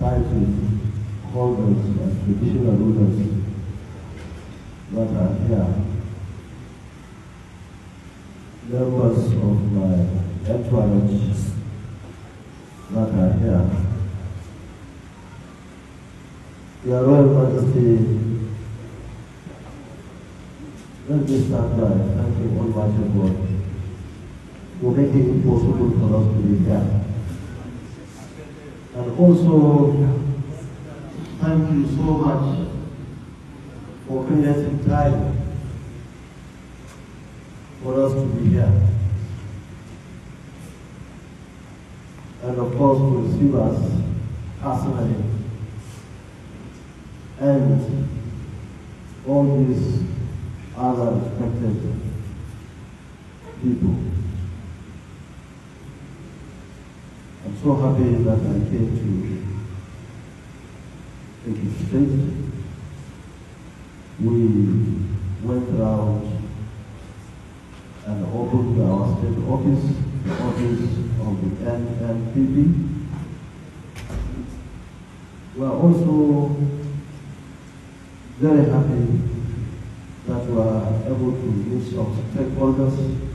sciences, holders, and traditional rulers that are here, members of my entourage that are here, Your Royal Majesty, let me start by thanking Almighty God for making it possible for us to be here. And also, thank you so much for creating time for us to be here. And of course, to receive us personally. And all these other respected people. I'm so happy that I came to take a state. We went around and opened our state office, the office of the NNPP. We are also very happy that we are able to meet some stakeholders